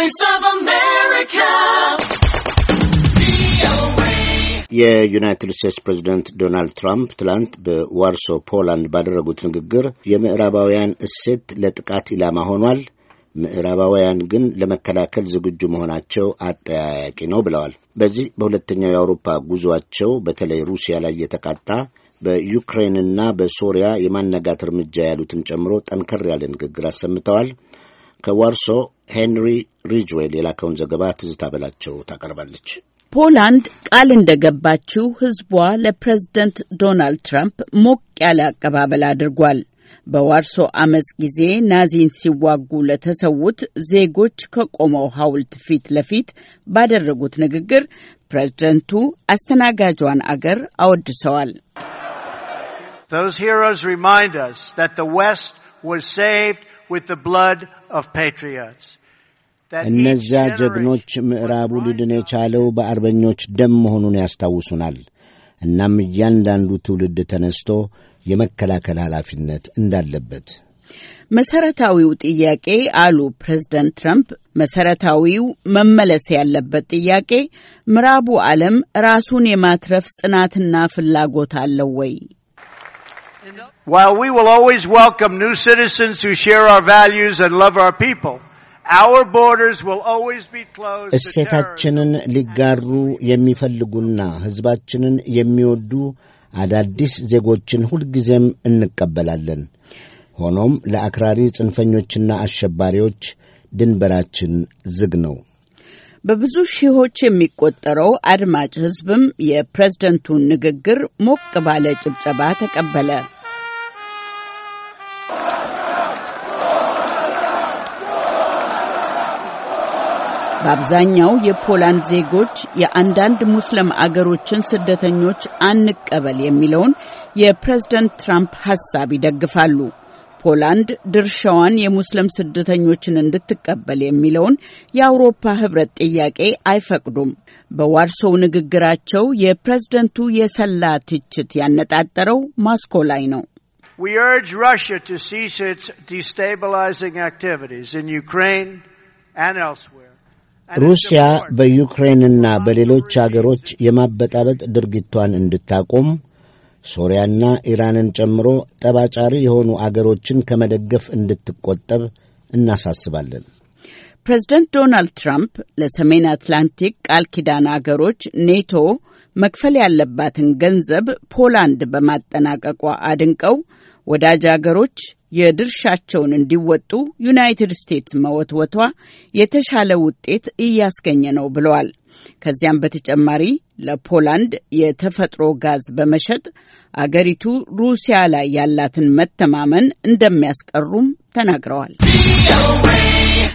Voice of America. የዩናይትድ ስቴትስ ፕሬዚደንት ዶናልድ ትራምፕ ትላንት በዋርሶ ፖላንድ ባደረጉት ንግግር የምዕራባውያን እሴት ለጥቃት ኢላማ ሆኗል፣ ምዕራባውያን ግን ለመከላከል ዝግጁ መሆናቸው አጠያያቂ ነው ብለዋል። በዚህ በሁለተኛው የአውሮፓ ጉዞአቸው በተለይ ሩሲያ ላይ የተቃጣ በዩክሬንና በሶሪያ የማነጋት እርምጃ ያሉትን ጨምሮ ጠንከር ያለ ንግግር አሰምተዋል። ከዋርሶ ሄንሪ ሪጅዌል የላከውን ዘገባ ትዝታ በላቸው ታቀርባለች። ፖላንድ ቃል እንደገባችው ሕዝቧ ለፕሬዝደንት ዶናልድ ትራምፕ ሞቅ ያለ አቀባበል አድርጓል። በዋርሶ አመፅ ጊዜ ናዚን ሲዋጉ ለተሰዉት ዜጎች ከቆመው ሐውልት ፊት ለፊት ባደረጉት ንግግር ፕሬዝደንቱ አስተናጋጇን አገር አወድሰዋል። Those heroes remind us that the West was saved with the blood እነዚያ ጀግኖች ምዕራቡ ሊድን የቻለው በአርበኞች ደም መሆኑን ያስታውሱናል። እናም እያንዳንዱ ትውልድ ተነስቶ የመከላከል ኃላፊነት እንዳለበት መሰረታዊው ጥያቄ አሉ ፕሬዝደንት ትራምፕ። መሰረታዊው መመለስ ያለበት ጥያቄ ምዕራቡ ዓለም ራሱን የማትረፍ ጽናትና ፍላጎት አለው ወይ? While we will always welcome new citizens who share our values and love our people, our borders will always be closed እሴታችንን ሊጋሩ የሚፈልጉና ሕዝባችንን የሚወዱ አዳዲስ ዜጎችን ሁልጊዜም እንቀበላለን። ሆኖም ለአክራሪ ጽንፈኞችና አሸባሪዎች ድንበራችን ዝግ ነው። በብዙ ሺዎች የሚቆጠረው አድማጭ ህዝብም የፕሬዝደንቱን ንግግር ሞቅ ባለ ጭብጨባ ተቀበለ። በአብዛኛው የፖላንድ ዜጎች የአንዳንድ ሙስሊም አገሮችን ስደተኞች አንቀበል የሚለውን የፕሬዝደንት ትራምፕ ሐሳብ ይደግፋሉ። ፖላንድ ድርሻዋን የሙስሊም ስደተኞችን እንድትቀበል የሚለውን የአውሮፓ ህብረት ጥያቄ አይፈቅዱም። በዋርሶው ንግግራቸው የፕሬዝደንቱ የሰላ ትችት ያነጣጠረው ማስኮ ላይ ነው። ሩሲያ በዩክሬንና በሌሎች አገሮች የማበጣበጥ ድርጊቷን እንድታቆም ሶሪያና ኢራንን ጨምሮ ጠባጫሪ የሆኑ አገሮችን ከመደገፍ እንድትቆጠብ እናሳስባለን። ፕሬዝደንት ዶናልድ ትራምፕ ለሰሜን አትላንቲክ ቃል ኪዳን አገሮች ኔቶ መክፈል ያለባትን ገንዘብ ፖላንድ በማጠናቀቋ አድንቀው ወዳጅ አገሮች የድርሻቸውን እንዲወጡ ዩናይትድ ስቴትስ መወትወቷ የተሻለ ውጤት እያስገኘ ነው ብለዋል። ከዚያም በተጨማሪ ለፖላንድ የተፈጥሮ ጋዝ በመሸጥ አገሪቱ ሩሲያ ላይ ያላትን መተማመን እንደሚያስቀሩም ተናግረዋል።